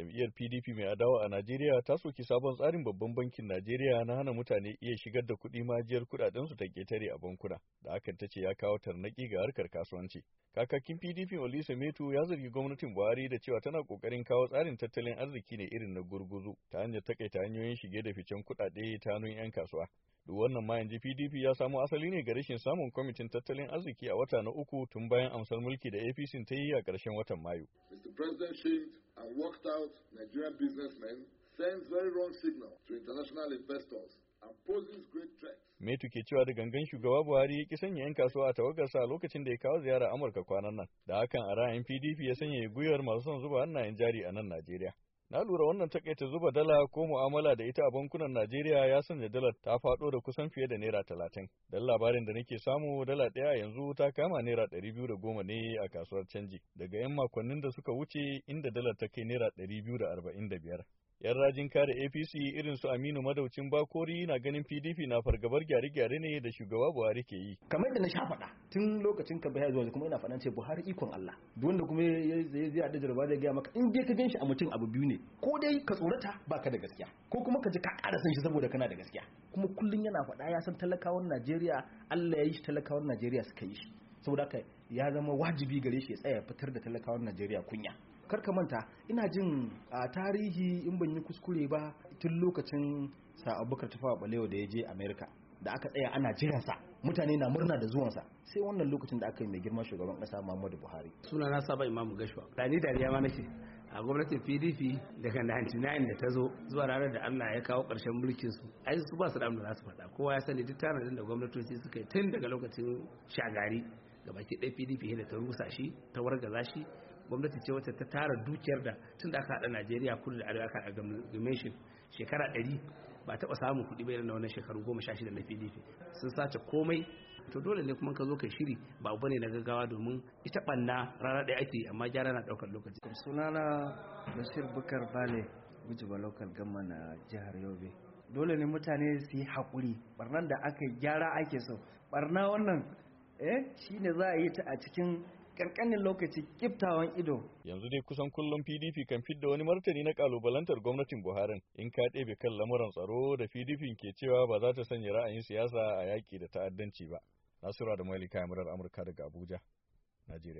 Jam'iyyar PDP mai adawa a Najeriya ta soki sabon tsarin babban bankin Najeriya na hana mutane iya shigar da kuɗi majiyar su ta ƙetare a bankuna, da hakan ta ce ya kawo tarnaki ga harkar kasuwanci. Kakakin PDP Olisa Metu ya zargi gwamnatin Buhari da cewa tana ƙoƙarin kawo tsarin tattalin arziki ne irin na gurguzu ta hanyar takaita hanyoyin shige da ficen kuɗaɗe ta hannun 'yan kasuwa. Duk wannan ma yanzu PDP ya samo asali ne ga rashin samun kwamitin tattalin arziki a wata na uku tun bayan amsar mulki da APC ta yi a ƙarshen watan Mayu. Mr. President Metu ke cewa da gangan shugaba Buhari ya ki sanya 'yan kasuwa a tawagarsa lokacin da ya kawo ziyara Amurka kwanan nan, da hakan a ra'ayin PDP ya sanya guyar masu son zuba hannayen jari a nan Najeriya. Na lura wannan takaita zuba dala ko mu'amala da ita a bankunan Najeriya ya sanya dalar ta faɗo da kusan fiye da naira talatin. Dan labarin da nake samu dala ɗaya yanzu ta kama naira ɗari biyu da goma ne a kasuwar canji daga 'yan makonnin da suka wuce inda dalar ta kai naira ɗari biyu da arba'in da biyar. Yan rajin kare APC irin su Aminu Madaucin Bakori na ganin PDP na fargabar gyare-gyare ne da shugaba Buhari ke yi. Kamar da na sha faɗa tun lokacin ka bayar zuwa kuma ina faɗan ce Buhari ikon Allah. Duk wanda kuma ya zai da jarba zai gaya maka in dai ka ganshi a mutum abu biyu ne ko dai ka tsorata baka da gaskiya ko kuma ka ji ka ƙara san shi saboda kana da gaskiya. Kuma kullum yana faɗa ya san talakawan Najeriya Allah ya yi shi talakawan Najeriya suka yi shi. Saboda haka ya zama wajibi gare shi ya tsaya fitar da talakawan Najeriya kunya. karka manta ina jin a tarihi in ban yi kuskure ba tun lokacin sa abubakar tafawa balewa da ya je america da aka tsaya ana sa mutane na murna da zuwan sa, sai wannan lokacin da aka yi mai girman shugaban kasa muhammadu buhari suna na saba imamu gashwa da ni dariya ma nake a gwamnatin pdp daga 99 da ta zo zuwa ranar da allah ya kawo karshen mulkin su ai su ba su da amina su faɗa kowa ya sani duk tanadin da gwamnatoci suka yi tun daga lokacin shagari gabaki ɗaya pdp da ta rusa shi ta wargaza shi gwamnati ce wacce ta tara dukiyar da tun da aka haɗa najeriya kudu da arewa aka game shekara ɗari ba taba samun kuɗi bai na wannan shekaru goma sha shida na pdp sun sace komai to dole ne kuma ka zo ka shiri ba bane na gaggawa domin ita banna rana ɗaya ake amma gyara na ɗaukar lokaci. sunana bashir bukar bale gujiba local gama na jihar yobe dole ne mutane su yi haƙuri barnan da aka gyara ake so barna wannan eh shine za a yi ta a cikin ƙanƙanin lokaci kiftawan ido. Yanzu dai kusan kullum PDP kan fidda wani martani na kalubalantar gwamnatin Buhari in ka ɗebe kan lamuran tsaro da PDP ke cewa ba za ta sanya ra'ayin siyasa a yaƙi da ta'addanci ba. Nasiru da Malika Yamurar Amurka daga Abuja, Najeriya.